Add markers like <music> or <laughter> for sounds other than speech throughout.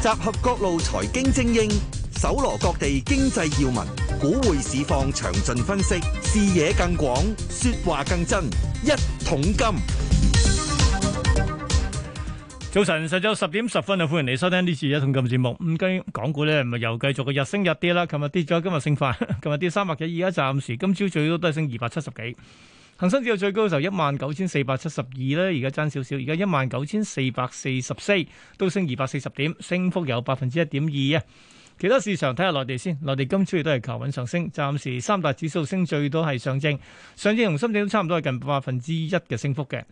集合各路財經精英，搜羅各地經濟要聞，股匯市況詳盡分析，視野更廣，說話更真。一桶金，早晨，上晝十點十分啊！歡迎你收聽呢次一桶金節目。唔計港股咧，咪又繼續個日升日跌啦。琴日跌咗，今日升返。琴日跌三百幾，而家暫時今朝最多都係升二百七十幾。恒生指數最高嘅時候 19, 2, 一萬九千四百七十二咧，而家爭少少，而家一萬九千四百四十四，都升二百四十點，升幅有百分之一點二啊。其他市場睇下內地先，內地今次亦都係求穩上升，暫時三大指數升最多係上證，上證同深證都差唔多，係近百分之一嘅升幅嘅。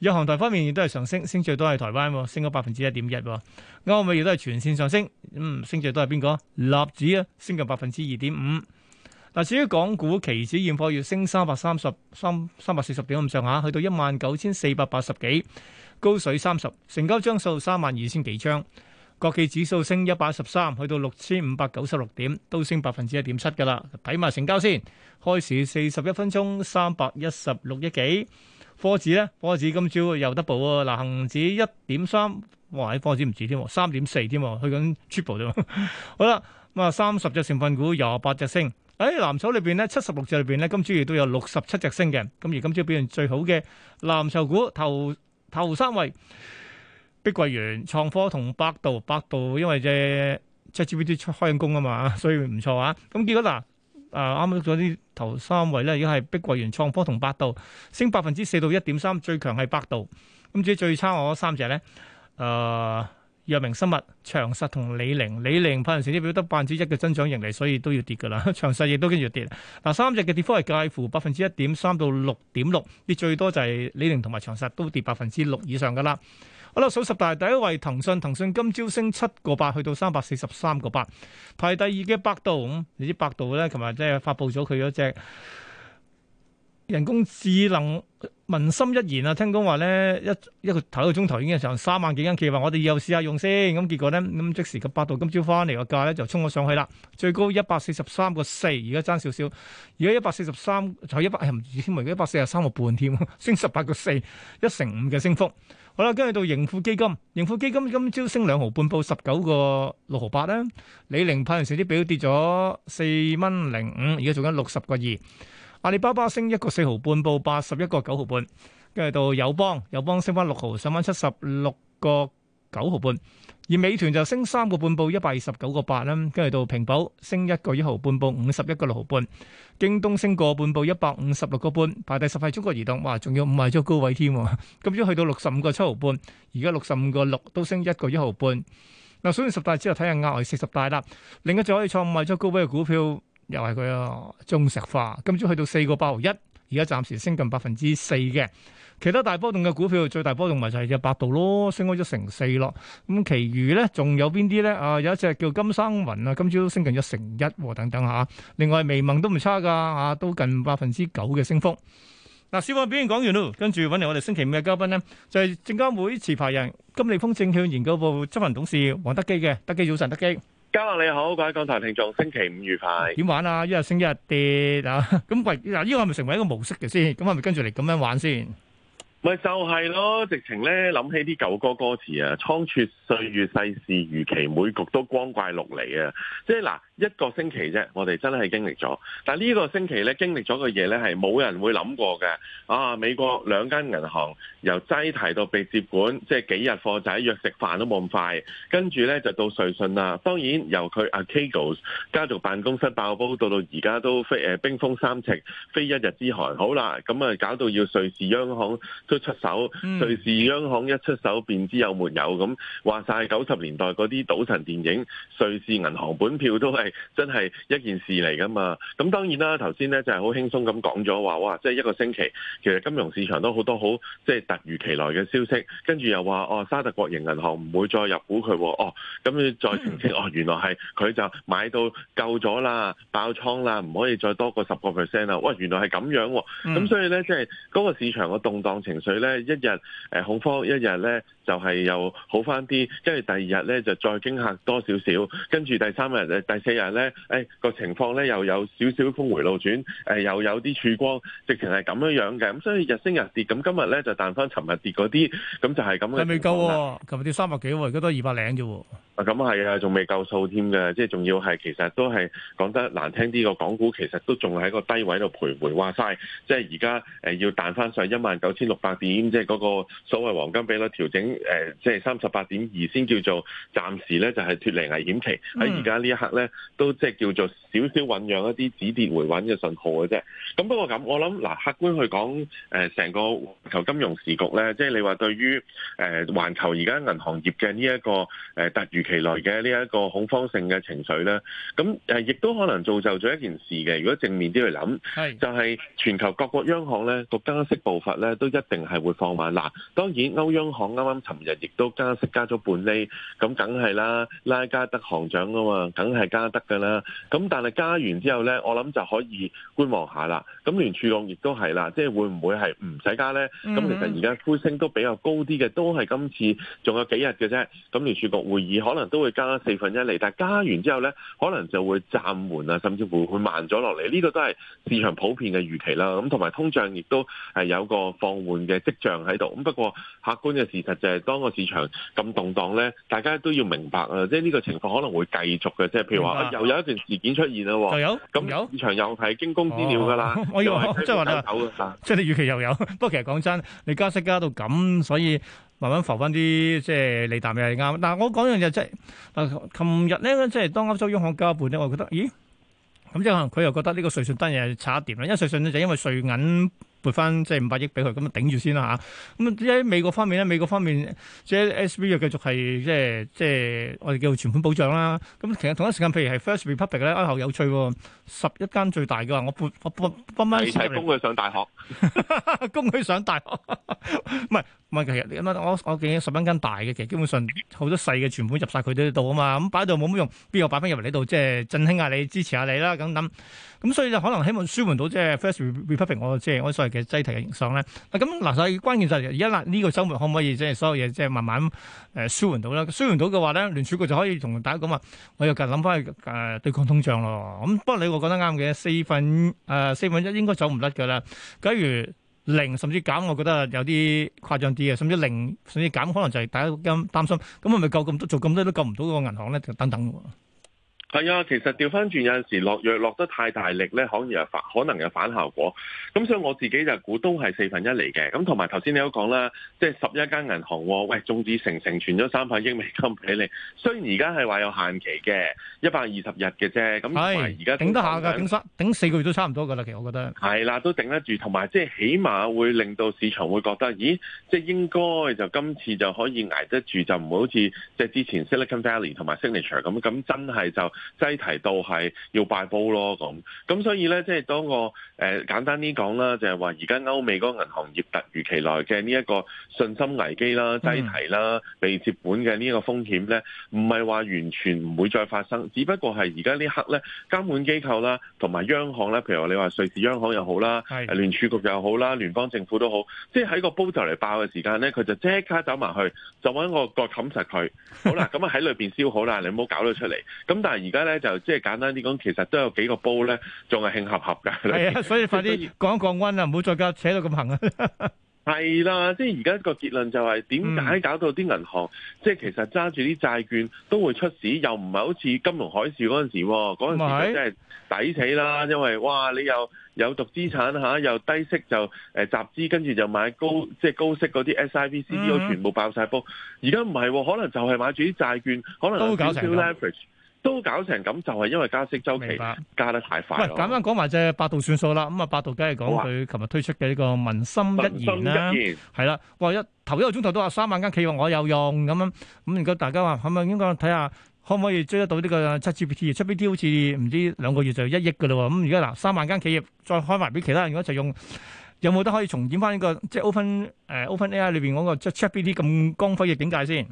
若行台方面亦都係上升，升最多係台灣，升咗百分之一點一。歐美亦都係全線上升，嗯，升最多係邊個？納指啊，升近百分之二點五。嗱，至於港股期指現貨月升三百三十三三百四十點咁上下，去到一萬九千四百八十幾，高水三十，成交張數三萬二千幾張。國企指數升一百一十三，去到六千五百九十六點，都升百分之一點七㗎喇。睇埋成交先，開市四十一分鐘三百一十六億幾。科指呢？科指今朝又 double 喎。嗱，恆指一點三，哇，喺科指唔止添三點四添喎，4, 去緊 Triple 添喎。好啦，咁啊三十隻成分股，廿八隻升。喺藍籌裏邊咧，七十六隻裏邊咧，今朝亦都有六十七隻升嘅。咁而今朝表現最好嘅藍籌股，頭頭三位，碧桂園、創科同百度。百度因為隻 GPT 開緊工啊嘛，所以唔錯啊。咁結果嗱，啊啱啱做啲頭三位咧，一係碧桂園、創科同百度，升百分之四到一點三，最強係百度。咁至於最差嗰三隻咧，誒、呃。藥明生物、長實同李寧，李寧派成績表得百分之一嘅增長盈利，所以都要跌噶啦。長實亦都跟住跌。嗱，三隻嘅跌幅係介乎百分之一點三到六點六，跌最多就係李寧同埋長實都跌百分之六以上噶啦。好啦，數十大第一位，騰訊，騰訊今朝升七個八，去到三百四十三個八。排第二嘅百度，你知百度咧，同埋即係發布咗佢嗰隻。人工智能民心一言啊！聽講話咧，一一個頭一個鐘頭已經成三萬幾間企埋，我哋又試下用先。咁結果咧，咁即時個百度今朝翻嚟個價咧就衝咗上去啦，最高 4, 一百四十三個四，而家爭少少。而家一百四十三，就一百誒唔止添，一百四十三個半添，升十八個四，一成五嘅升幅。好啦，跟住到盈富基金，盈富基金今朝升兩毫半報，十九個六毫八咧。李寧派人少啲表跌咗四蚊零五，而家做緊六十個二。阿里巴巴升一個四毫半，報八十一個九毫半。跟住到友邦，友邦升返六毫，上返七十六個九毫半。而美團就升三個半，報一百二十九個八啦。跟住到平保，升一個一毫半，報五十一個六毫半。京東升個半，報一百五十六個半，排第十係中國移動哇，仲要賣咗高位添，今朝去到六十五個七毫半，而家六十五個六都升一個一毫半。嗱，數完十大之後睇下額外四十大啦，另一仲可以創賣咗高位嘅股票。又係佢啊！中石化今朝去到四個八毫一，而家暫時升近百分之四嘅。其他大波動嘅股票，最大波動咪就係有百度咯，升開咗成四咯。咁其餘咧仲有邊啲咧？啊，有一隻叫金生雲啊，今朝都升近咗成一，等等吓、啊。另外微盟都唔差噶，啊，都近百分之九嘅升幅。嗱，市況表現講完咯，跟住揾嚟我哋星期五嘅嘉賓咧，就係證監會持牌人金利豐證券研究部執行董事黃德基嘅。德基早晨，德基。家下你好，各位港台聽眾，星期五愉快。點玩啊？一日升一日跌啊！咁貴嗱，呢個係咪成為一個模式嘅先？咁係咪跟住嚟咁樣玩先？咪就係咯，直情咧諗起啲舊歌歌詞啊！倉促歲月、世事如棋，每局都光怪陸離啊！即係嗱，一個星期啫，我哋真係經歷咗。但係呢個星期咧，經歷咗嘅嘢咧係冇人會諗過嘅。啊，美國兩間銀行由擠提到被接管，即係幾日貨仔約食飯都冇咁快。跟住咧就到瑞信啦，當然由佢 Archegos 家族辦公室爆煲，到到而家都非冰封三尺，非一日之寒。好啦，咁啊搞到要瑞士央行出手，瑞士央行一出手便知有沒有，咁話晒九十年代嗰啲賭神電影，瑞士銀行本票都係真係一件事嚟噶嘛？咁當然啦，頭先咧就係、是、好輕鬆咁講咗話哇，即係一個星期，其實金融市場都好多好即係突如其來嘅消息，跟住又話哦沙特國營銀行唔會再入股佢喎哦，咁你再澄清、嗯，哦原來係佢就買到夠咗啦，爆倉啦，唔可以再多過十個 percent 啦，哇原來係咁樣，啊，咁所以咧即係嗰個市場嘅動盪情佢咧一日誒恐慌，一日咧就係又好翻啲，跟住第二日咧就再驚嚇多少少，跟住第三日第四日咧誒個情況咧又有少少峰回路轉，誒又有啲曙光，直情係咁樣樣嘅，咁所以日升日跌，咁今日咧就彈翻尋日跌嗰啲，咁就係、是、咁。仲未夠喎，琴日跌三百幾喎，而家都二百零啫喎。啊，咁啊係啊，仲未夠數添嘅。即係仲要係其實都係講得難聽啲個港股，其實都仲喺個低位度徘徊，話晒，即係而家誒要彈翻上一萬九千六百。八點即係嗰個所謂黃金比率調整，呃、即係三十八點二先叫做暫時咧就係脫離危險期。喺而家呢一刻咧，都即係叫做少少醞釀一啲止跌回穩嘅信號嘅啫。咁不過咁，我諗嗱，客觀去講成、呃、個全球金融時局咧，即係你話對於誒、呃、環球而家銀行業嘅呢一個誒突如其來嘅呢一個恐慌性嘅情緒咧，咁誒亦都可能造就咗一件事嘅。如果正面啲去諗，是就係全球各國央行咧，個加息步伐咧都一定定係會放慢嗱，當然歐央行啱啱尋日亦都加息加咗半厘，咁梗係啦，拉加德行長啊嘛，梗係加得噶啦，咁但係加完之後咧，我諗就可以觀望下啦。咁聯儲局亦都係啦，即係會唔會係唔使加咧？咁、嗯、其實而家呼聲都比較高啲嘅，都係今次仲有幾日嘅啫。咁聯儲局會議可能都會加四分一釐，但加完之後咧，可能就會暫緩啊，甚至乎會慢咗落嚟。呢、這個都係市場普遍嘅預期啦。咁同埋通脹亦都係有個放緩嘅跡象喺度。咁不過客觀嘅事實就係當個市場咁動盪咧，大家都要明白啊，即係呢個情況可能會繼續嘅。即係譬如話、哎，又有一段事件出現啦，咁市場又係驚弓之鳥㗎啦。哦 <laughs> 我以為即係話即係你預期又有，不過 <laughs> 其實講真，你加息加到咁，所以慢慢浮翻啲即係利淡又係啱。但係我講樣嘢即係，嗱，琴日咧即係當歐洲央行交一半咧，我覺得，咦，咁即係可能佢又覺得呢個瑞信單嘢係差一啲啦，因為瑞信咧就因為瑞銀。撥翻即係五百億俾佢，咁啊頂住先啦吓。咁喺美國方面咧，美國方面即係 SVB 又繼續係即係即係我哋叫做存款保障啦。咁其實同一時間，譬如係 First Republic 咧、啊，啊又有趣喎，十一間最大嘅，我我撥撥翻。你係供佢上大學，供佢 <laughs> 上大學。唔係唔係，其實我我見十一間大嘅，其實基本上好多細嘅存款入晒佢哋度啊嘛。咁擺喺度冇乜用，邊個擺翻入嚟呢度？即係振興下你，支持下你啦，等等。咁所以就可能希望舒緩到即係 First Republic，我即係我所謂。Sorry, 嘅擠提嘅形象咧，啊咁嗱，所以關鍵就係而家嗱，呢個週末可唔可以即係所有嘢即係慢慢誒舒緩到啦？舒緩到嘅話咧，聯儲局就可以同大家講話，我又嚟諗翻去誒對抗通脹咯。咁不過你我覺得啱嘅四分誒、呃、四分一應該走唔甩噶啦。假如零甚至減，我覺得有啲誇張啲嘅，甚至零甚至減，可能就係大家咁擔心咁，係咪夠咁多做咁多都救唔到個銀行咧？就等等係啊，其實調翻轉有陣時落藥落得太大力咧，可以可能有反效果。咁所以我自己就估都係四分一嚟嘅。咁同埋頭先你都講啦，即係十一間銀行，喂，中資成成存咗三百億美金俾你。雖然而家係話有限期嘅，一百二十日嘅啫。咁而家頂得下㗎，頂三，頂四個月都差唔多㗎啦，其實我覺得。係啦，都頂得住，同埋即係起碼會令到市場會覺得，咦，即係應該就今次就可以捱得住，就唔會好似即係之前 Silicon Valley 同埋 Signature 咁，咁真係就。擠提到係要爆煲咯，咁咁所以咧，即係當個誒簡單啲講啦，就係話而家歐美嗰個銀行業突如其來嘅呢一個信心危機啦、擠提啦、被接管嘅呢一個風險咧，唔係話完全唔會再發生，只不過係而家呢刻咧，監管機構啦，同埋央行咧，譬如你話瑞士央行又好啦，聯儲局又好啦，聯邦政府都好，即係喺個煲就嚟爆嘅時間咧，佢就即刻走埋去，就搵個角冚實佢。好啦，咁啊喺裏面燒好啦，你唔好搞到出嚟。咁但係。而家咧就即係簡單啲講，其實都有幾個煲咧，仲係㷫烚烚㗎。係啊，所以快啲降一降溫啦，唔好以再架扯到咁行啊！係 <laughs> 啦、啊，即係而家個結論就係點解搞到啲銀行，嗯、即係其實揸住啲債券都會出事，又唔係好似金融海嘯嗰陣時，嗰陣時就真係抵死啦。是因為哇，你又有毒資產嚇，又低息就誒集資，跟住就買高、嗯、即係高息嗰啲 SIV、CDO，都全部爆晒煲。而家唔係，可能就係買住啲債券，可能都搞都搞成咁，就係因為加息週期加得太快。喂，簡單講埋啫，百度算數啦。咁啊，百度梗係講佢琴日推出嘅呢個文心一言啦。係啦，哇！一頭一個鐘頭都話三萬間企業我有用咁樣，咁如果大家話係咪應該睇下可唔可以追得到呢個 ChatGPTChatGPT？好似唔知兩個月就一億嘅嘞喎。咁而家嗱，三萬間企業再開埋俾其他人一齊用，有冇得可以重演翻呢個即係 Open 誒 Open AI 裏邊嗰個 ChatGPT 咁光輝嘅境界先？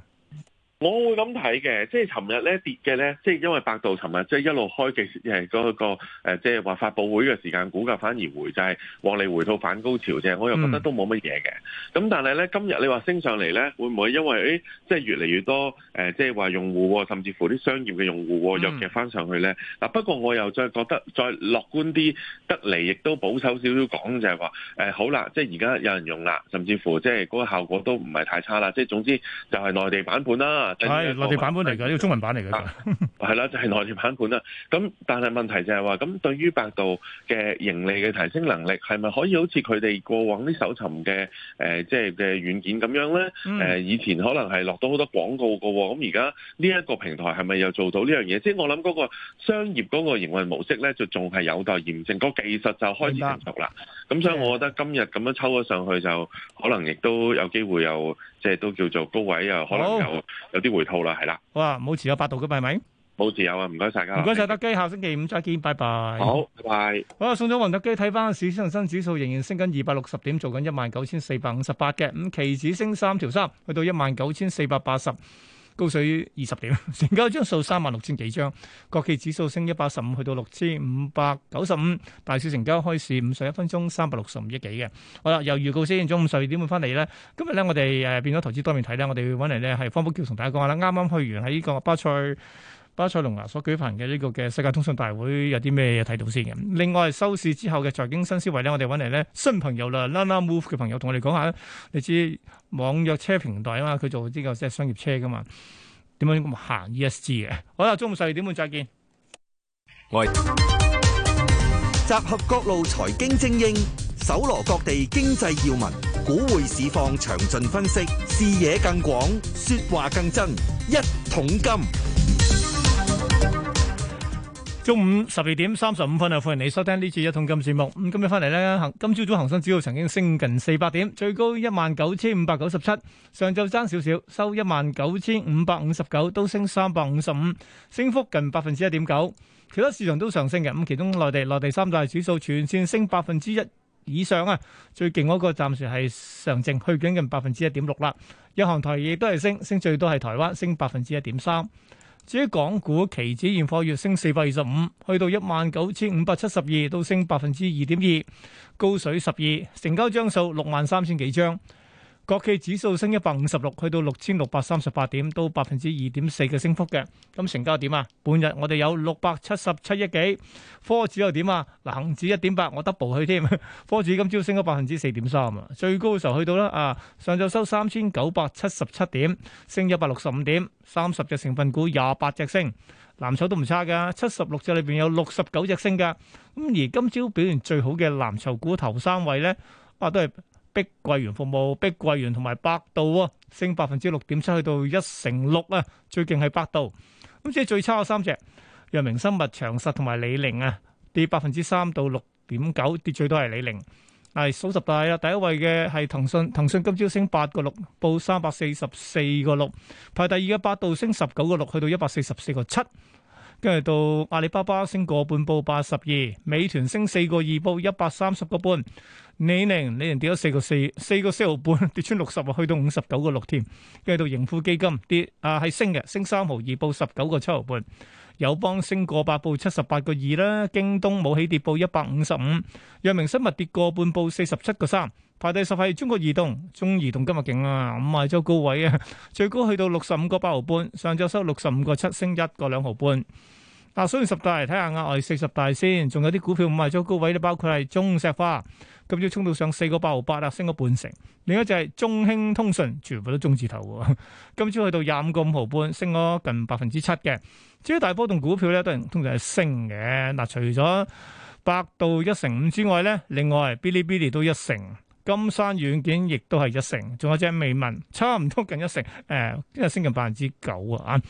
我會咁睇嘅，即係尋日咧跌嘅咧，即係因為百度尋日、那個呃、即係一路開嘅誒嗰個即係話發佈會嘅時間，股價反而回滯，就是、往嚟回到反高潮啫。我又覺得都冇乜嘢嘅。咁、嗯、但係咧，今日你話升上嚟咧，會唔會因為誒即係越嚟越多、呃、即係話用戶甚至乎啲商業嘅用戶又夾翻上去咧？嗱、嗯，不過我又再覺得再樂觀啲得嚟，亦都保守少少講就係、是、話、呃、好啦，即係而家有人用啦，甚至乎即係嗰個效果都唔係太差啦。即係總之就係內地版本啦。.係對對內地版本嚟噶，呢個中文版嚟噶，係啦、啊， <laughs> 就係、是、內地版本啦。咁但係問題就係、是、話，咁對於百度嘅盈利嘅提升能力，係咪可以好似佢哋過往啲搜尋嘅誒，即係嘅軟件咁樣咧？誒、呃呃，以前可能係落到好多廣告噶，咁而家呢一個平台係咪又做到呢樣嘢？即係我諗嗰個商業嗰個營運模式咧，就仲係有待驗證。個技術就開始成熟啦。咁白所以我覺得今日咁樣抽咗上去就，就的可能亦都有機會又。即係都叫做高位啊，可能有好有啲回吐啦，係啦。唔好、啊、持有百度嘅係咪，冇持有啊，唔該晒。㗎謝。唔該晒。德基，下星期五再見，拜拜。好，拜拜。好、啊，送咗黃德基睇翻，看市恒生指數仍然升緊二百六十點，做緊一萬九千四百五十八嘅，咁期指升三條三，去到一萬九千四百八十，高水二十點，成交張數三萬六千幾張，國企指數升一百十五，去到六千五百九十五，大市成交開市五十一分鐘三百六十五億幾嘅。好啦，由預告先，中午十二點半翻嚟咧。今日咧，我哋誒變咗投資多面睇咧，我哋會搵嚟咧係方福橋同大家講下啦。啱啱去完喺呢個巴塞。巴塞隆拿、啊、所舉行嘅呢個嘅世界通訊大會有啲咩嘢睇到先嘅？另外收市之後嘅財經新思維咧，我哋揾嚟咧新朋友啦，啦啦 move 嘅朋友同我哋講下你知網約車平台啊嘛，佢做呢個即係商業車噶嘛？點樣咁行 ESG 嘅？好啦，中午十二點半再見。我係集合各路財經精英，搜羅各地經濟要聞、股匯市況、詳盡分析，視野更廣，説話更真，一桶金。中午十二點三十五分，又歡迎你收聽呢次一桶金節目。咁今日翻嚟呢，今朝早恒生指數曾經升近四百點，最高一萬九千五百九十七。上晝爭少少，收一萬九千五百五十九，都升三百五十五，升幅近百分之一點九。其他市場都上升嘅，咁其中內地內地三大指數全線升百分之一以上啊。最勁嗰個暫時係上證，去緊近百分之一點六啦。日韓台亦都係升，升最多係台灣，升百分之一點三。至於港股期指現貨月升四百二十五，去到一萬九千五百七十二，都升百分之二點二，高水十二，成交張數六萬三千幾張。國企指數升一百五十六，去到六千六百三十八點，都百分之二點四嘅升幅嘅。咁成交點啊？半日我哋有六百七十七億幾。科指又點啊？嗱，恒指一點八，我 double 去添。科指今朝升咗百分之四點三啊！最高嘅時候去到啦啊！上晝收三千九百七十七點，升一百六十五點，三十隻成分股廿八隻升。藍籌都唔差㗎，七十六隻裏邊有六十九隻升㗎。咁而今朝表現最好嘅藍籌股頭三位咧，啊都係。碧桂園服務、碧桂園同埋百度啊，升百分之六點七，去到一成六啊，最勁係百度。咁即係最差嘅三隻，藥明生物、長實同埋李寧啊，跌百分之三到六點九，跌最多係李寧。係數十大啊，第一位嘅係騰訊，騰訊今朝升八個六，報三百四十四個六。排第二嘅百度升十九個六，去到一百四十四個七。跟住到阿里巴巴升個半報八十二，美團升四個二報一百三十個半，李寧李寧跌咗四個四四個四毫半，跌穿六十啊，去到五十九個六添。跟住到盈富基金跌啊係升嘅，升三毫二報十九個七毫半。友邦升過八報七十八個二啦，京東冇起跌報一百五十五，藥明生物跌過半報四十七個三，排第十係中國移動，中移動今日勁啊，五賣咗高位啊，最高去到六十五個八毫半，上晝收六十五個七，升一個兩毫半。嗱、啊，雖然十大嚟睇下額外四十大先，仲有啲股票五賣咗高位，包括係中石化，今朝衝到上四個八毫八啦，升咗半成。另一隻係中興通訊，全部都中字頭，今朝去到廿五個五毫半，升咗近百分之七嘅。至於大波動股票咧，都係通常係升嘅。嗱，除咗百度一成五之外咧，另外嗶哩嗶哩都一成，金山軟件亦都係一成，仲有隻美文差唔多近一成。誒、呃，今日升近百分之九啊！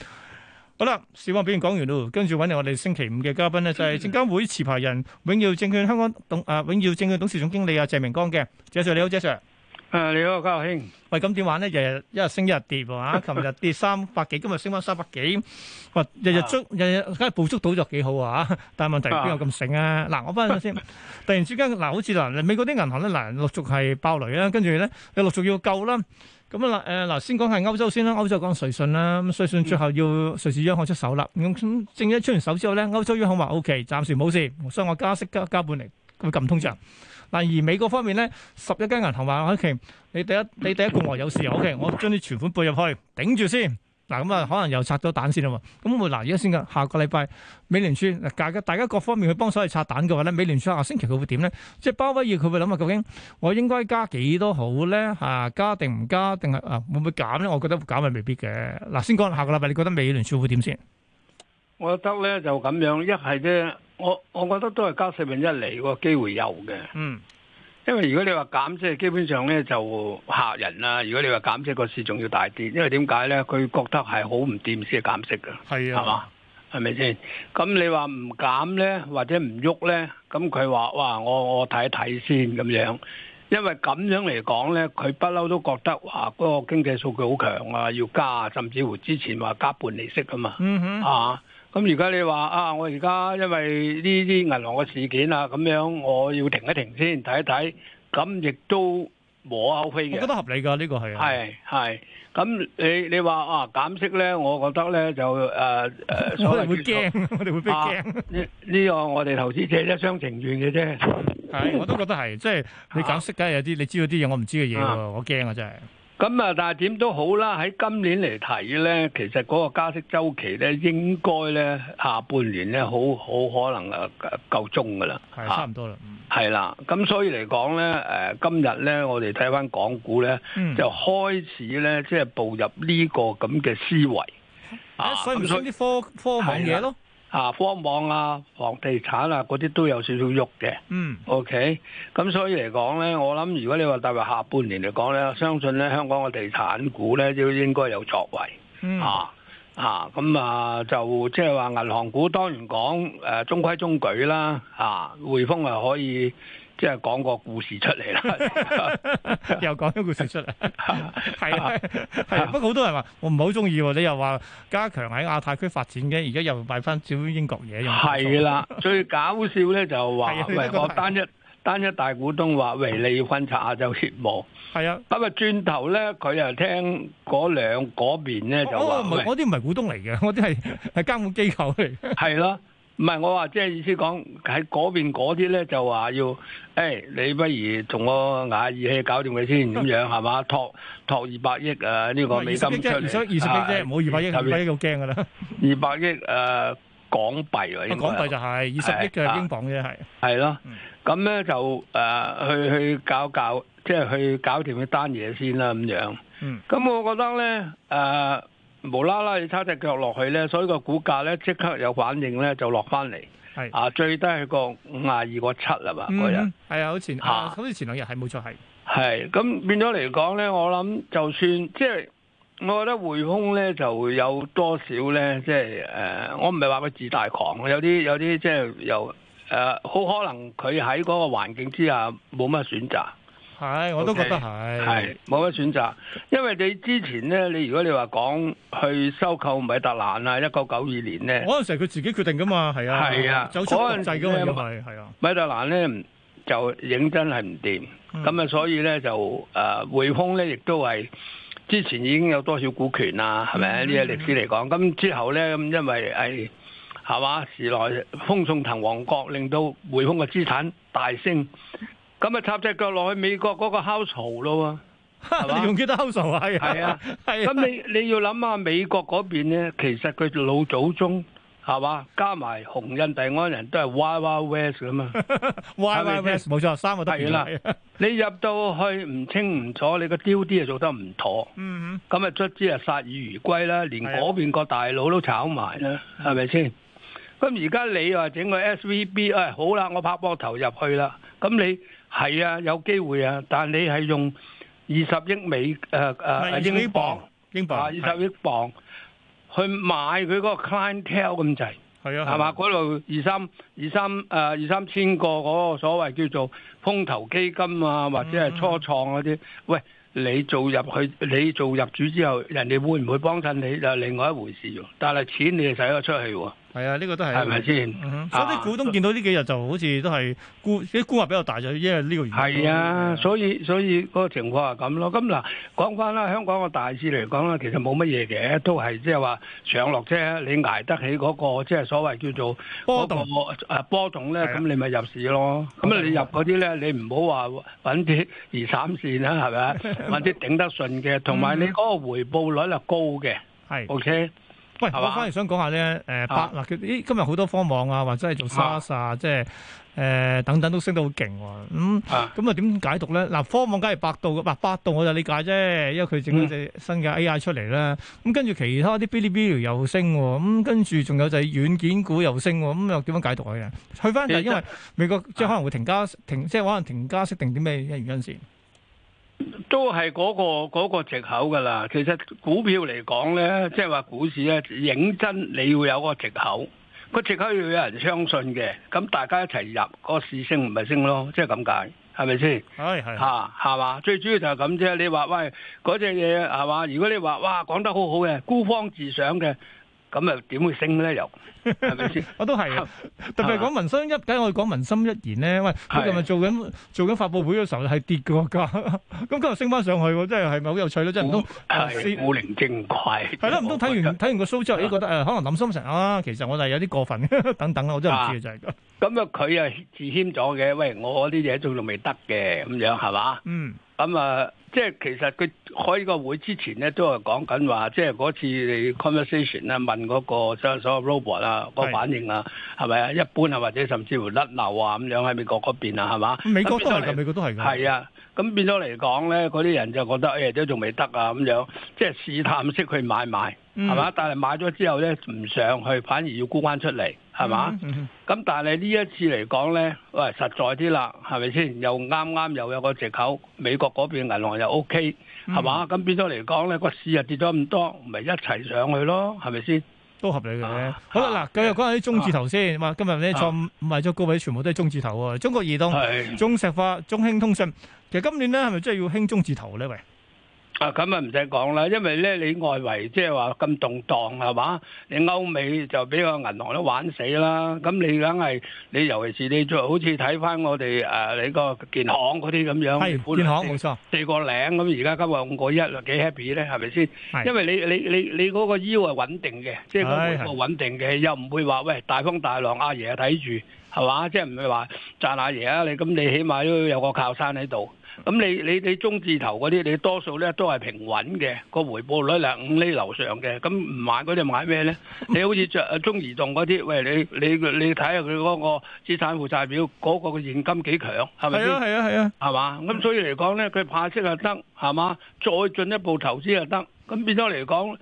好啦，小王表現講完啦，跟住揾嚟我哋星期五嘅嘉賓咧，就係證監會持牌人永耀證券香港董誒、呃、永耀證券董事總經理啊謝明光嘅。謝 Sir 你好，謝 Sir。誒，你好，家樂兄。喂，咁點玩咧？日日一日升一日跌，吓，琴日跌三百幾，今日升翻三百幾。喂，日日捉，日日梗係捕捉到就幾好啊！吓，但係問題邊有咁醒啊？嗱，我翻去先。突然之間，嗱，好似嗱，美國啲銀行咧，嗱，陸續係爆雷啦，跟住咧又陸續要救啦。咁啊，誒，嗱，先講係歐洲先啦，歐洲講瑞信啦，咁瑞信最後要瑞士央行出手啦。咁正一出完手之後咧，歐洲央行話 OK，暫時冇事，所以我加息加加半厘，佢撳通脹。但而美國方面咧，十一間銀行話 OK，你第一你第一個我有事 OK，我將啲存款背入去頂住先。嗱咁啊，可能又拆咗蛋先啦。咁我嗱而家先嘅，下個禮拜美聯儲嗱，大家大家各方面去幫手去拆蛋嘅話咧，美聯儲下星期佢會點咧？即係鮑威爾佢會諗啊，究竟我應該加幾多好咧？嚇加定唔加定係啊？會唔會減咧？我覺得減係未必嘅。嗱、啊，先講下個禮拜，你覺得美聯儲會點先？我覺得咧就咁樣，一係咧。我我覺得都係加四分一嚟個機會有嘅。嗯，因為如果你話減息，基本上咧就嚇人啦。如果你話減息個市仲要大啲，因為點解咧？佢覺得係好唔掂先係減息噶，係啊，係嘛，係咪先？咁你話唔減咧，或者唔喐咧，咁佢話哇，我我睇一睇先咁樣，因為咁樣嚟講咧，佢不嬲都覺得話嗰個經濟數據好強啊，要加，甚至乎之前話加半利息噶嘛，嗯哼，啊.咁而家你話啊，我而家因為呢啲銀行嘅事件啊，咁樣我要停一停先睇一睇，咁亦都磨口費嘅。我覺得合理噶，這個啊、呢個係。係係，咁你你話啊減息咧，我覺得咧就誒誒、呃，我哋會驚，我哋會非常驚。驚。呢呢個我哋投資者一廂情願嘅啫。係， <laughs> 我都覺得係，即、就、係、是、你減息，梗係有啲你知道啲嘢，啊、我唔知嘅嘢喎，我驚啊真係。咁啊，但係點都好啦，喺今年嚟睇咧，其實嗰個加息周期咧，應該咧下半年咧，好好可能夠了、嗯、啊夠鐘噶啦，係差唔多啦，係啦，咁所以嚟講咧，誒、呃，今日咧，我哋睇返港股咧，嗯、就開始咧，即、就、係、是、步入呢個咁嘅思維啊、欸，所以唔少啲科、嗯、科網嘢咯。啊，科網啊，房地產啊，嗰啲都有少少喐嘅。嗯，OK。咁所以嚟講咧，我諗如果你話踏入下半年嚟講咧，相信咧香港嘅地產股咧都應該有作為。嗯、啊。啊咁啊就即係話銀行股當然講，誒、呃、中規中矩啦。啊，匯豐係可以。即係講個故事出嚟啦，又講咗故事出嚟，係啊，係。不過好多人話我唔好中意，你又話加強喺亞太區發展嘅，而家又賣翻少啲英國嘢，又係啦。最搞笑咧就話為個單一單一大股東話，喂，你要分拆，就亞洲業務。係啊，咁啊，轉頭咧，佢又聽嗰兩嗰邊咧就話，唔係，嗰啲唔係股東嚟嘅，嗰啲係係監管機構嚟。係啦。唔係，我話即係意思講喺嗰邊嗰啲咧，就話要，誒、欸，你不如同我嗌義氣搞掂佢先，咁呵樣係嘛，托托二百億啊呢個美金出嚟，二十億啫？唔好二百億，特別呢個驚噶啦，二百億誒港幣啊，啊，港幣就係二十億嘅英鎊啫、就是，係係咯，咁咧的、嗯、就誒、啊、去去搞搞，即係去搞掂佢單嘢先啦，咁樣。咁、嗯、我覺得咧誒。啊無啦啦，你差隻腳落去咧，所以個股價咧即刻有反應咧，就落翻嚟。係啊，最低係個五廿二個七啦嘛，嗰日係啊，好似前啊，好似前兩日係，冇錯係。係咁變咗嚟講咧，我諗就算即係，我覺得匯控咧就會有多少咧，即係誒，我唔係話佢自大狂，有啲有啲即係又誒，好、就是呃、可能佢喺嗰個環境之下冇乜選擇。係，我都覺得係。係冇乜選擇，因為你之前咧，你如果你話講去收購米特蘭啊，一九九二年咧，嗰陣時佢自己決定噶嘛，係啊，係啊，就實際噶嘛，係啊。米特蘭咧就認真係唔掂，咁啊、嗯，所以咧就誒、呃、匯豐咧亦都係之前已經有多少股權啊，係咪？呢個歷史嚟講，咁之後咧咁因為係係嘛，時來風送滕王閣，令到匯豐嘅資產大升。咁咪插隻腳落去美國嗰個 house 咯，係嘛？你仲記得 house 啊？係係啊，咁你你要諗下美國嗰邊咧，其實佢老祖宗係嘛，加埋紅印第安人都係 Y Y West 咁啊，Y Y West 冇錯，三個得完啦。你入到去唔清唔楚，你個 deal 啲啊做得唔妥，咁啊卒之啊鎩羽而歸啦，連嗰邊個大佬都炒埋啦，係咪先？咁而家你話整個 S V B，哎好啦，我拍膊頭入去啦，咁你。係啊，有機會啊，但係你係用二十億美誒誒、呃、英鎊鎊，英鎊二十億鎊的去買佢嗰個 clientele 咁滯，係啊，係嘛嗰度二三二三誒二三千個嗰個所謂叫做風投基金啊，或者係初創嗰啲，嗯、喂，你做入去，你做入主之後，人哋會唔會幫襯你就另外一回事、啊、但係錢你係使咗出去喎、啊。係啊，呢、這個都係，係咪先、嗯？所以股東見到呢幾日就好似都係沽，啲沽壓比較大，就因為呢個原因。係啊，所以所以嗰個情況係咁咯。咁嗱，講翻啦，香港個大市嚟講咧，其實冇乜嘢嘅，都係即係話上落啫。你挨得起嗰、那個即係、就是、所謂叫做、那個、波動，誒、啊、波動咧，咁、啊、你咪入市咯。咁你入嗰啲咧，你唔好話揾啲二三綫啦，係咪？揾啲頂得順嘅，同埋你嗰個回報率係高嘅。係，OK。喂，吧我反而想講下咧，誒、呃，百嗱吧，咦，今日好多科網啊，或者係做 SaaS 啊，是吧即係誒、呃、等等都升得好勁、啊，咁咁啊點解讀咧？嗱、啊，科網梗係百度嘅、啊，百度我就理解啫，因為佢整咗隻新嘅 AI 出嚟啦。咁、嗯嗯、跟住其他啲 Bilibili 又升、啊，咁、嗯、跟住仲有就係軟件股又升、啊，咁、嗯、又點樣解讀佢咧？去翻就係吧因為美國即係可能會停加停即係可能停加息定啲咩原因先？都係嗰個嗰個借口噶啦，其實股票嚟講呢，即係話股市呢，認真你要有個借口，個借口要有人相信嘅，咁大家一齊入，個市升唔係升咯，即係咁解，係咪先？係係係嘛，最主要就係咁啫。你話喂，嗰隻嘢係嘛？如果你話哇講得好好嘅，孤芳自賞嘅，咁啊點會升呢？又？咪先？ <laughs> 我都係啊！特別係講民生一，梗係我哋講民心一言咧。喂，佢今日做緊做緊發佈會嘅時候係跌嘅喎，咁 <laughs> 咁今日升翻上去喎，真係係咪好有趣咧？真係都古靈精怪係啦。唔通睇完睇、嗯、完個 show 之後，咦覺得誒、嗯、可能諗心成啊，其實我就係有啲過分等等我真係唔知就係、是、咁。咁啊，佢又自謙咗嘅。喂，我啲嘢仲仲未得嘅咁樣係嘛？嗯。咁啊、嗯呃，即係其實佢開呢個會之前咧，都係講緊話，即係嗰次 conversation 咧問嗰個所所謂 robot 啦、啊。個反應啊，係咪啊？一般啊，或者甚至乎甩漏啊咁樣喺美國嗰邊啊，係嘛？美國都係嘅，美國都係嘅。係啊，咁變咗嚟講咧，嗰啲人就覺得誒、哎，都仲未得啊咁樣，即係試探式去買買，係嘛、嗯？但係買咗之後咧唔上去，反而要沽翻出嚟，係嘛？咁、嗯、但係呢一次嚟講咧，喂、哎，實在啲啦，係咪先？又啱啱又有個借口，美國嗰邊銀行又 OK，係嘛、嗯？咁變咗嚟講咧，個市又跌咗咁多，咪一齊上去咯，係咪先？都合理嘅，啊、好啦嗱，繼續講下啲中字頭先。啊、今日咧坐唔係咗高位，全部都係中字頭。中國移動、中石化、中興通訊，其實今年咧係咪真係要興中字頭咧？喂？啊，咁啊唔使講啦，因為咧你外圍即係話咁動盪係嘛，你歐美就畀個銀行都玩死啦，咁你梗係你尤其是你就好似睇翻我哋誒你個建行嗰啲咁樣，建行冇錯，四個零咁而家今日五個一又幾 happy 咧係咪先？因為你你你你嗰個腰係穩定嘅，即係每個穩定嘅，又唔會話喂大風大浪阿爺睇住係嘛，即係唔會話賺阿爺啊你，咁你起碼都有個靠山喺度。咁你你你中字頭嗰啲，你多數咧都係平穩嘅，個回報率啦五釐樓上嘅，咁唔買嗰啲買咩咧？你好似著中移動嗰啲，餵你你你睇下佢嗰個資產負債表嗰個現金幾強，係咪先？係啊係啊係啊，係嘛？咁所以嚟講咧，佢派息又得，係嘛？再進一步投資又得，咁變咗嚟講，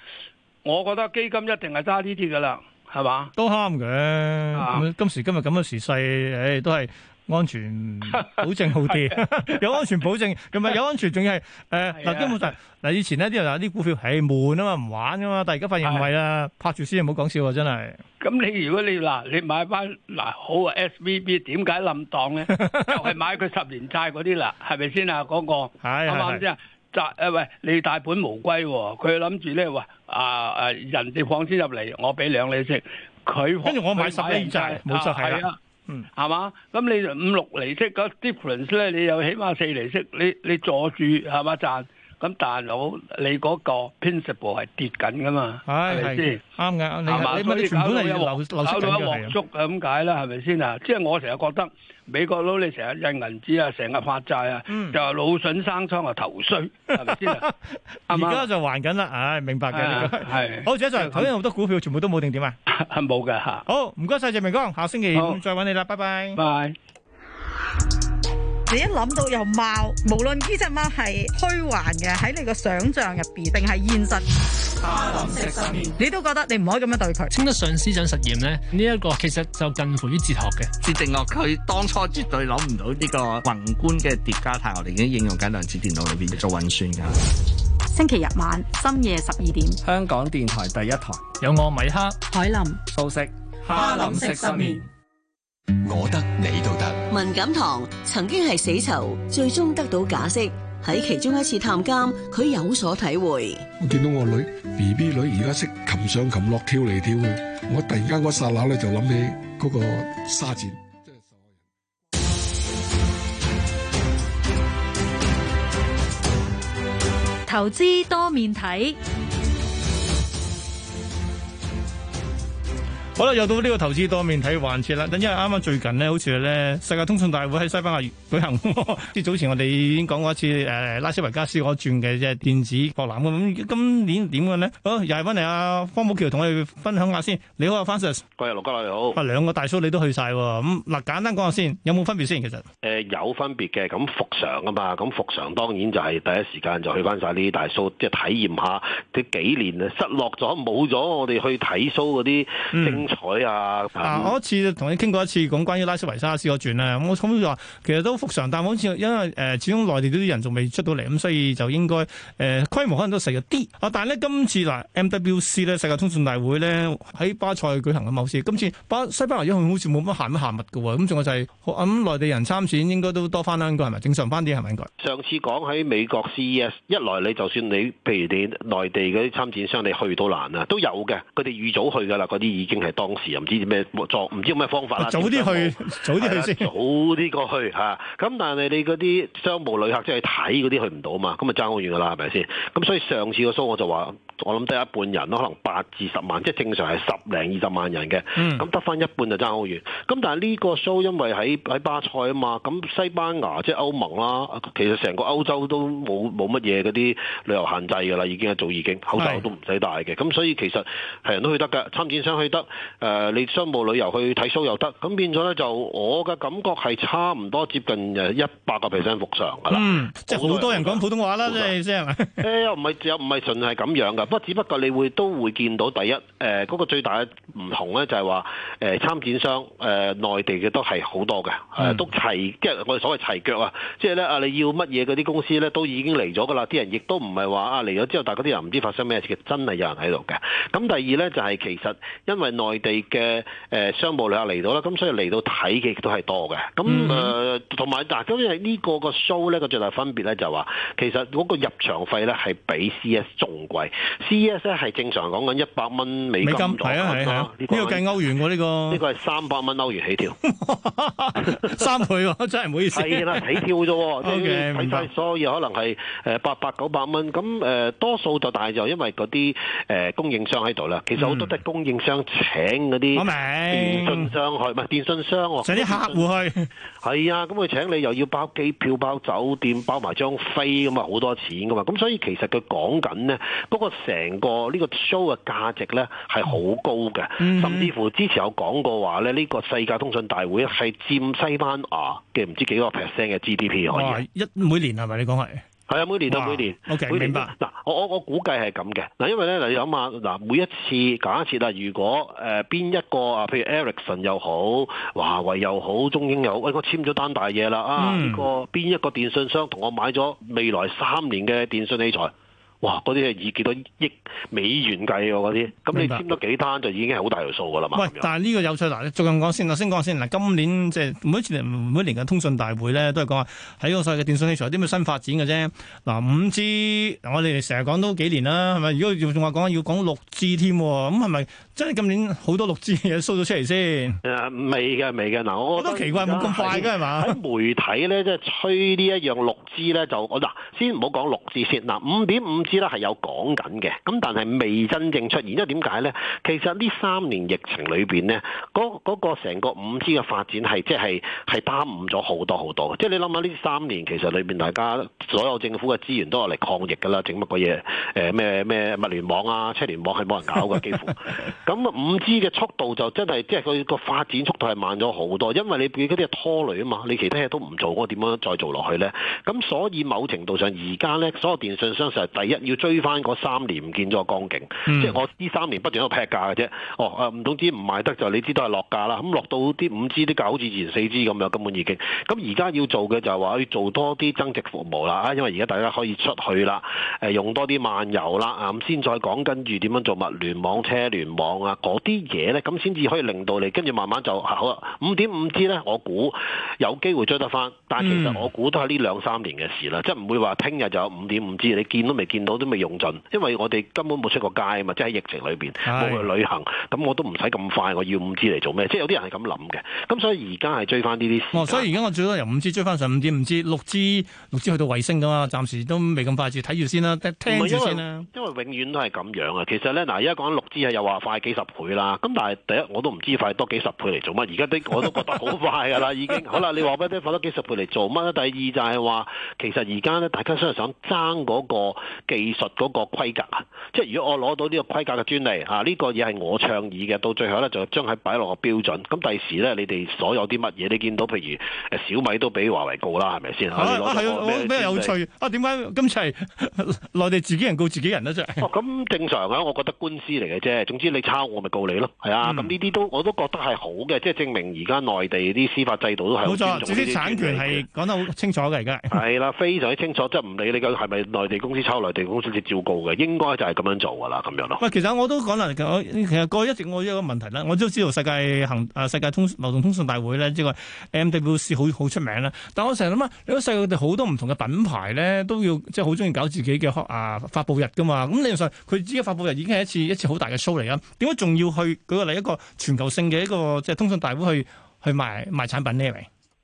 我覺得基金一定係揸呢啲㗎啦，係嘛？都啱嘅，今時今日咁嘅時勢，誒都係。安全保證好啲，有安全保證，同埋有安全仲要係誒嗱，基本上，嗱，以前呢啲人話啲股票係悶啊嘛，唔玩啊嘛，但係而家發現唔係啦，拍住先，唔好講笑啊，真係。咁你如果你嗱，你買翻嗱好啊 S V B，點解冧檔咧？就係買佢十年債嗰啲啦，係咪先啊？嗰個係係先啊？債誒喂，你大本無歸喎，佢諗住咧話啊誒人哋放錢入嚟，我俾兩你食。佢跟住我買十年債，冇錯係啊。嗯，係嘛？咁你五六厘息，嗰 difference 咧，你又起碼四厘息，你你坐住係嘛賺。咁大佬，你嗰個 principal 係跌緊噶嘛？係咪先？啱噶，啱你咪啲存款嚟啊，搞吧到一鑊粥咁解啦，係咪先啊？即係的、就是、我成日覺得。美國佬你成日印銀紙啊，成日發債啊，就係腦筍生瘡啊，頭衰，係咪先？啊？而家就還緊啦，唉，明白嘅係。好，主席，頭先好多股票全部都冇定點啊，冇㗎吓。好，唔該晒，謝明光，下星期再搵你啦，拜拜。拜。你一諗到有貓，無論呢隻貓係虛幻嘅喺你個想象，入邊定係現實，林食失眠你都覺得你唔可以咁樣對佢。稱得上思想實驗呢，呢、呢、一個其實就近乎於哲學嘅。薛定諤佢當初絕對諗唔到呢個宏觀嘅疊加態，我哋已經應用緊量子電腦裏邊做運算噶。星期日晚深夜十二點，香港電台第一台有我米哈、海林、素食、哈林食失眠、林食失眠。我得你都得，文錦棠曾經係死囚，最終得到假釋。喺其中一次探監，佢有所體會。我見到我女，B B 女而家識擒上擒落跳嚟跳去，我突然間嗰剎那咧就諗起嗰個沙展。投資多面睇。好啦，又到呢個投資多面睇環節啦。等因為啱啱最近咧，好似咧世界通訊大會喺西班牙舉行。即係早前我哋已經講過一次誒、呃、拉斯維加斯嗰轉嘅即係電子博覽嘅。咁今年點嘅咧？好，又係返嚟阿方寶橋同我哋分享下先。你好啊，Francis。各位盧哥你好。啊，兩個大 show 你都去晒咁嗱，簡單講下先，有冇分別先？其實誒、呃，有分別嘅。咁復常啊嘛，咁復常當然就係第一時間就去翻晒呢啲大 show，即係體驗下啲幾年啊失落咗冇咗我哋去睇 show 嗰啲。精彩啊！我、啊、一、啊啊、次同你傾過一次講關於拉斯維加斯嗰轉啦。咁我通常話其實都復常，但好似因為誒、呃、始終內地啲人仲未出到嚟，咁所以就應該誒、呃、規模可能都細咗啲。啊，但係咧今次嗱，MWC 咧世界通訊大會咧喺巴塞舉行嘅，某、啊、似今次巴西班牙一向好像好似冇乜閒乜閒物嘅喎。咁、啊、仲、嗯、有就係、是、咁、啊嗯、內地人參展應該都多返啦，應該係咪正常返啲係咪應該？上次講喺美國 CES 一來你就算你譬如你內地嗰啲參展商你去都難啊，都有嘅，佢哋預早去㗎啦，嗰啲已經係。當時又唔知咩作，唔知咩方法啦。早啲去，早啲去先，啊、早啲過去咁、啊、但係你嗰啲商務旅客即係睇嗰啲去唔到嘛，咁咪爭好遠㗎啦，係咪先？咁所以上次個 show 我就話，我諗得一半人咯，可能八至十萬，即係正常係十零二十萬人嘅。咁得返一半就爭好遠。咁但係呢個 show 因為喺喺巴塞啊嘛，咁西班牙即係歐盟啦，其實成個歐洲都冇冇乜嘢嗰啲旅遊限制㗎啦，已經係早已經口罩都唔使戴嘅。咁係所以其實係人都去得㗎，參展商去得。誒、呃，你商務旅遊去睇 show 又得，咁變咗咧就我嘅感覺係差唔多接近誒一百個 percent 復常㗎啦。嗯，即係好多人講普通話啦，即係，誒，唔係又唔係純係咁樣㗎，不過，只不過你會都會見到第一誒嗰、呃那個最大嘅唔同咧，就係話誒參展商誒、呃、內地嘅都係好多嘅、呃，都齊即係我哋所謂齊腳啊，即係咧啊你要乜嘢嗰啲公司咧都已經嚟咗㗎啦，啲人亦都唔係話啊嚟咗之後，但係嗰啲人唔知發生咩事嘅，真係有人喺度嘅。咁第二咧就係、是、其實因為內佢哋嘅誒商務旅客嚟到啦，咁所以嚟到睇嘅都係多嘅。咁誒同埋嗱，因為呢個個 show 咧個最大分別咧就話、係，其實嗰個入場費咧係比 CES 仲貴。CES 咧係正常講緊一百蚊美金，係啊，呢個因為計歐元喎呢，呢個，呢個係三百蚊歐元起跳， <laughs> 三倍喎、啊，真係唔好意思。係啦， <laughs> 起跳啫，啲 Okay, 所以可能係誒八百九百蚊。咁誒、呃、多數就但係就因為嗰啲誒供應商喺度啦。其實好多都係供應商請嗰啲電信商去，唔係電信商哦，請啲客戶去，係啊，咁佢請你又要包機票、包酒店、包埋張飛，咁啊好多錢噶嘛，咁所以其實佢講緊呢嗰個成個呢個 show 嘅價值呢係好高嘅，嗯、甚至乎之前有講過話呢呢、這個世界通訊大會係佔西班牙嘅唔知幾個 percent 嘅 GDP 可以、哦、一每年係咪你講係？嗯係啊，每年都每年，okay, 每年明白。嗱，我我我估計係咁嘅。嗱，因為咧，你諗下，嗱，每一次假設啦，如果誒邊，呃，一個啊，譬如 Ericsson 又好，華為又好，中興又好，喂，哎，我簽咗單大嘢啦，嗯，啊，呢個邊一個電信商同我買咗未來三年嘅電信器材。哇！嗰啲係以幾多億美元計喎嗰啲，咁白你簽多幾單就已經係好大條數噶啦嘛。喂嗯、但係呢個有趣你最近講先，我先講先嗱，今年即係每次每一年嘅通訊大會咧，都係講話喺個世界嘅電訊器材有啲咩新發展嘅啫。嗱、啊、五 G，我哋成日講都幾年啦，係咪？如果仲話講要講六 G 添，咁係咪真係今年好多六 G 嘢 show 咗出嚟、啊啊、先，先？誒未嘅，未嘅嗱，我我覺得奇怪冇咁快嘅係嘛？喺媒體咧，即係吹呢一樣六 G 咧，就我嗱先唔好講六 G 先嗱，五點五。知啦，係有講緊嘅，咁但係未真正出現，因為點解呢？其實呢三年疫情裏面呢，嗰、嗰個成個五 G 嘅發展係即係係耽誤咗好多好多即係、即係、你諗下，呢三年其實裏面大家所有政府嘅資源都係嚟抗疫㗎啦，整乜鬼嘢誒咩咩物聯網啊、車聯網係冇人搞㗎。幾乎咁五 G 嘅速度就真係即係佢個發展速度係慢咗好多，因為你俾嗰啲拖累啊嘛，你其他嘢都唔做，我點樣再做落去呢？咁所以某程度上，而家呢所有電信商實係第一。要追翻嗰三年唔見咗個光景，嗯、即我呢三年不斷喺度劈價嘅啫。哦，唔總之唔賣得就你知都係落價啦。咁落到啲五 G 啲價好似前四 G 咁樣，根本已經咁而家要做嘅就係話要做多啲增值服務啦。因為而家大家可以出去啦，用多啲漫遊啦，咁先再講跟住點樣做物聯網、車聯網啊嗰啲嘢咧，咁先至可以令到你跟住慢慢就好啦。五點五 G 咧，我估有機會追得翻，但係其實我估都係呢兩三年嘅事啦，即係唔會話聽日就有五點五 G，你見都未見到。我都未用盡，因為我哋根本冇出過街啊嘛，即係喺疫情裏邊冇去旅行，咁我都唔使咁快，我要五支嚟做咩？即係有啲人係咁諗嘅。咁所以而家係追翻呢啲。哦，所以而家我最多由五支追翻十五點，五支六支，六支去到衞星噶嘛，暫時都未咁快住，睇住先啦，先聽住先啦。因為永遠都係咁樣啊。其實呢，嗱，而家講緊六支啊，又話快幾十倍啦。咁但係第一我都唔知快多幾十倍嚟做乜。而家的我都覺得好快噶啦， <laughs> 已經。好啦，你話俾我快多幾十倍嚟做乜？第二就係話，其實而家咧，大家雖然想爭嗰、嗰個。技術嗰個規格啊，即係如果我攞到呢個規格嘅專利啊，呢、這個嘢係我倡議嘅，到最後咧就將係擺落個標準。咁第時咧，你哋所有啲乜嘢，你見到譬如誒小米都俾華為告啦，係咪先啊？係啊，比較、啊、有趣啊？點解今次係內地自己人告自己人咧？啫、啊？咁正常嘅，我覺得官司嚟嘅啫。總之你抄我，咪告你咯，係啊。咁呢啲都我都覺得係好嘅，即係證明而家內地啲司法制度都係好。冇錯。啲產權係講得好清楚嘅，而家係啦，非常之清楚，即係唔理你個係咪內地公司抄內地。公司照高嘅，應該就係咁樣做噶啦，咁樣咯。喂，其實我都講啦，其實個一直我一個問題咧，我都知道世界行啊，世界通流動通訊大會咧，即係 MWC 好好出名啦。但我成日諗啊，你見世界各地好多唔同嘅品牌咧，都要即係好鍾意搞自己嘅啊發佈日噶嘛。咁理論上佢自己發佈日已經係一次一次好大嘅 show 嚟㗎，點解仲要去舉個例一個全球性嘅一個即係通訊大會去去賣賣產品呢？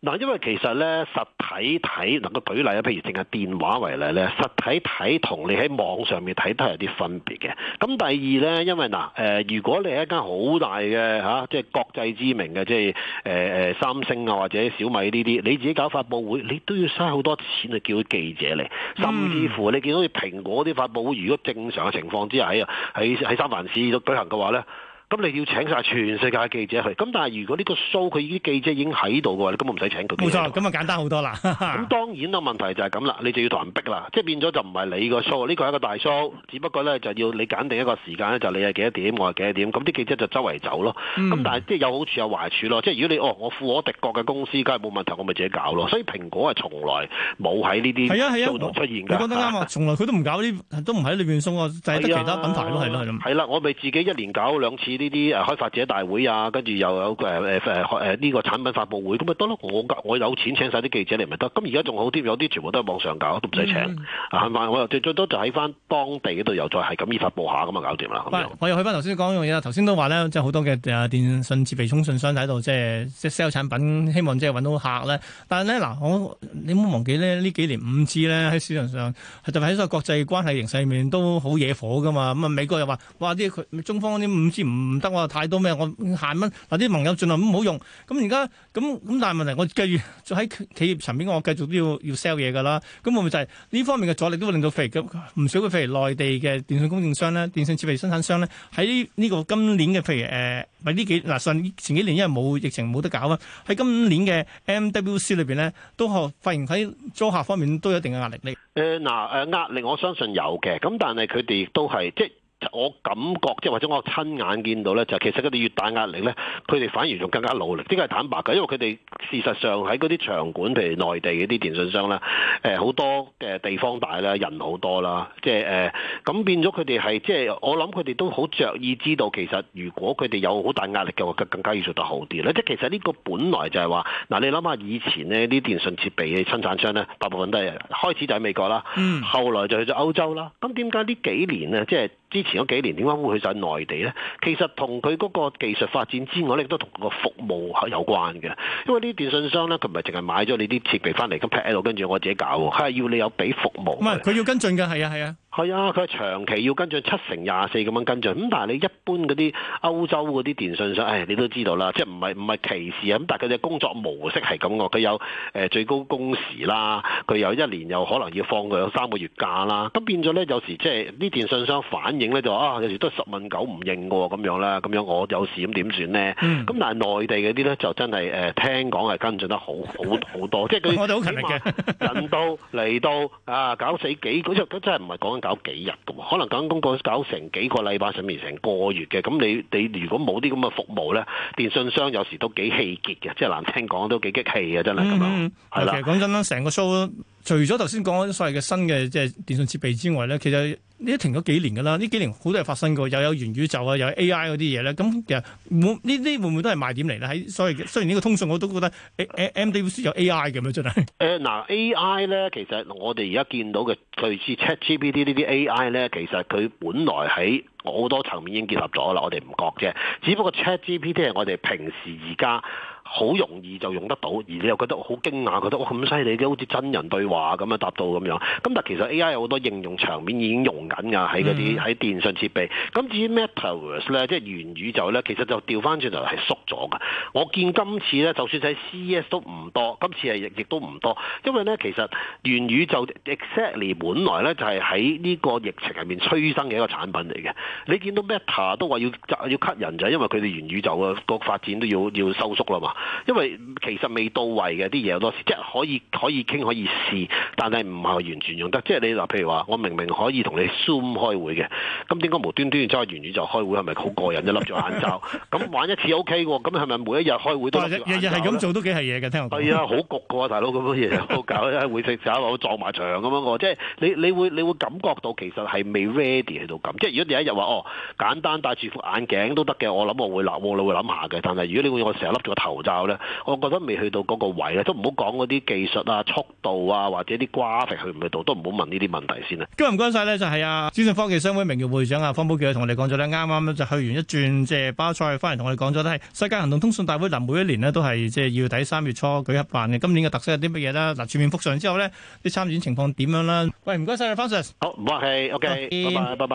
嗱，因為其實咧，實體睇能夠舉例啊，譬如淨係電話為例咧，實體睇同你喺網上面睇都係有啲分別嘅。咁第二咧，因為嗱，誒、呃，如果你係一間好大嘅、啊、即係國際知名嘅，即係誒、呃、三星啊或者小米呢啲，你自己搞發佈會，你都要嘥好多錢去叫記者嚟，甚至乎你見到似蘋果啲發佈會，如果正常嘅情況之下喺啊喺喺三藩市度舉行嘅話咧。咁你要請晒全世界嘅記者去，咁但係如果呢個 show 佢啲記者已經喺度嘅話，你根本唔使請佢。冇錯，咁啊簡單好多啦。咁 <laughs> 當然啦，問題就係咁啦，你就要同人逼啦，即係變咗就唔係你 show，個 show，呢個係一個大 show，只不過咧就要你揀定一個時間就係、你係幾多點，我係幾多點，咁啲記者就周圍走咯。咁、嗯、但係即係有好處有壞處咯，即係如果你哦我富可敵國嘅公司，梗係冇問題，我咪自己搞咯。所以蘋果係從來冇喺呢啲 show 出現嘅。你講得啱啊，啊 <laughs> 從來佢都唔搞呢，都唔喺裏邊送啊，就係得其他品牌咯，係咯啦，啊、我咪自己一年搞兩次。呢啲誒開發者大會啊，跟住又有誒誒誒呢個產品發佈會，咁咪得咯？我我有錢請晒啲記者嚟，咪得。咁而家仲好啲，有啲全部都喺網上搞，都唔使請。慳翻好多，係咪，嗯？我多，最最多就喺翻當地嗰度又再係咁易發佈下，咁啊搞掂啦。不樣我又去翻頭先講嘅嘢啦。頭先都話咧，即係好多嘅誒電信設備通訊商喺度，即係即 sell 產品，希望即係揾到客咧。但係咧嗱，我你唔好忘記咧，呢幾年五 G 咧喺市場上，特別喺咗國際關係形勢面都好惹火噶嘛。咁啊美國又話，哇啲佢中方啲五 G 唔～唔得喎，太多咩？我限蚊嗱啲盟友盡量唔好用。咁而家咁咁，但係問題，我繼續喺企業層面，我繼續都要要 sell 嘢㗎啦。咁會唔會就係呢方面嘅阻力都會令到譬如唔少嘅譬如內地嘅電信供應商咧、電信設備生產商咧，喺呢個今年嘅譬如咪呢、呃、幾嗱，上前幾年因為冇疫情冇得搞啊，喺今年嘅 MWC 裏面咧，都發現喺租客方面都有一定嘅壓力。誒嗱、呃呃、壓力，我相信有嘅。咁但係佢哋亦都係即係。我感覺即係或者我親眼見到咧，就其實佢哋越大壓力咧，佢哋反而仲更加努力。呢個係坦白㗎，因為佢哋事實上喺嗰啲場館，譬如內地嗰啲電信商咧，誒好多嘅地方大啦，人好多啦，即係誒咁變咗佢哋係即係我諗佢哋都好着意知道，其實如果佢哋有好大壓力嘅話，更加要做得好啲啦。即係其實呢個本來就係話嗱，你諗下以前呢啲電信設備嘅生產商咧，大部分都係開始就喺美國啦，後來就去咗歐洲啦。咁點解呢幾年咧，即係之？前嗰幾年點解會去晒內地呢？其實同佢嗰個技術發展之外咧，亦都同個服務有關嘅。因為呢啲電訊商咧，佢唔係淨係買咗你啲設備翻嚟咁擺喺度，跟住我自己搞喎，佢係要你有俾服務。唔係，佢要跟進㗎，係啊，係啊。係啊，佢係長期要跟進七乘廿四咁樣跟進，咁但係你一般嗰啲歐洲嗰啲電信商，誒、哎、你都知道啦，即係唔係唔係歧視啊，咁但係佢嘅工作模式係咁嘅，佢有誒、呃、最高工時啦，佢有一年又可能要放佢有三個月假啦，咁變咗咧，有時即係啲電信商反映咧就啊，有時都十問九唔應喎，咁樣啦，咁樣我有事咁點算咧？咁、嗯、但係內地嗰啲咧就真係誒聽講係跟進得好好好多，即係佢人到嚟 <laughs> 到啊搞死幾，嗰隻真係唔係講緊。搞幾日嘅喎，可能搞緊廣告搞成幾個禮拜甚至成個月嘅，咁你你如果冇啲咁嘅服務咧，電信商有時都幾氣結嘅，即係難聽講都幾激氣嘅，真係咁樣係啦。嗯、哼，其實講真啦，成個 show 除咗頭先講嗰啲所謂嘅新嘅即係電信設備之外咧，其實～呢停咗幾年噶啦，呢幾年好多嘢發生過，又有，有元宇宙啊，又有 A I 嗰啲嘢咧，咁其實冇呢啲會唔會都係賣點嚟咧？喺所以雖然呢個通訊我都覺得誒誒、啊啊、MWC 有 A I 咁樣真係誒嗱 A I 咧，其實我哋而家見到嘅類似 Chat GPT 呢啲 A I 咧，其實佢本來喺好多層面已經結合咗啦，我哋唔覺啫，只不過 Chat GPT 係我哋平時而家。好容易就用得到，而你又覺得好驚訝，覺得哇咁犀利啲，好似真人對話咁樣答到咁樣。咁但其實 A.I. 有好多應用場面已經用緊㗎，喺嗰啲喺電信設備。咁、嗯、至於 Meta 咧，即係元宇宙咧，其實就調翻轉頭係縮咗㗎。我見今次咧，就算喺 C.S. 都唔多，今次係亦亦都唔多，因為咧其實元宇宙 exactly 本來咧就係喺呢個疫情入面催生嘅一個產品嚟嘅。你見到 Meta 都話要要 cut 人就係因為佢哋元宇宙個發展都要要收縮啦嘛。因為其實未到位嘅啲嘢好多時，即係可以可以傾可以試，但係唔係完全用得。即係你嗱，譬如話，我明明可以同你 Zoom 開會嘅，咁點解無端端再完遠就開會，係咪好過癮？一笠住眼罩，咁玩一次 OK 喎，哦，咁係咪每一日開會都日日係咁做都幾係嘢嘅？聽係 <laughs> <laughs> 啊，好焗嘅喎，大佬咁嘅嘢都搞，真會食走撞埋牆咁樣喎。即係你你會你會，你會感覺到其實係未 ready 喺度咁。即係如果你有一日話哦簡單戴住副眼鏡都得嘅，我諗我會諗，我、哦、會諗下嘅。但係如果你會我成日笠住個頭。教咧，我覺得未去到嗰個位咧，都唔好講嗰啲技術啊、速度啊，或者啲 graph 去唔去到，都唔好問呢啲問題先啦。咁唔該曬咧，就係啊，資訊科技商會名譽會長啊，方保僑同我哋講咗咧，啱啱就去完一轉即係巴塞，翻嚟同我哋講咗咧，世界行動通信大會嗱，每一年咧都係即係要喺三月初舉行嘅。今年嘅特色係啲乜嘢咧？嗱，全面復常之後咧，啲參展情況點樣咧？喂，唔該曬啊，方 sir。好，唔好客氣，OK，拜拜，拜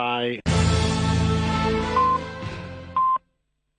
拜。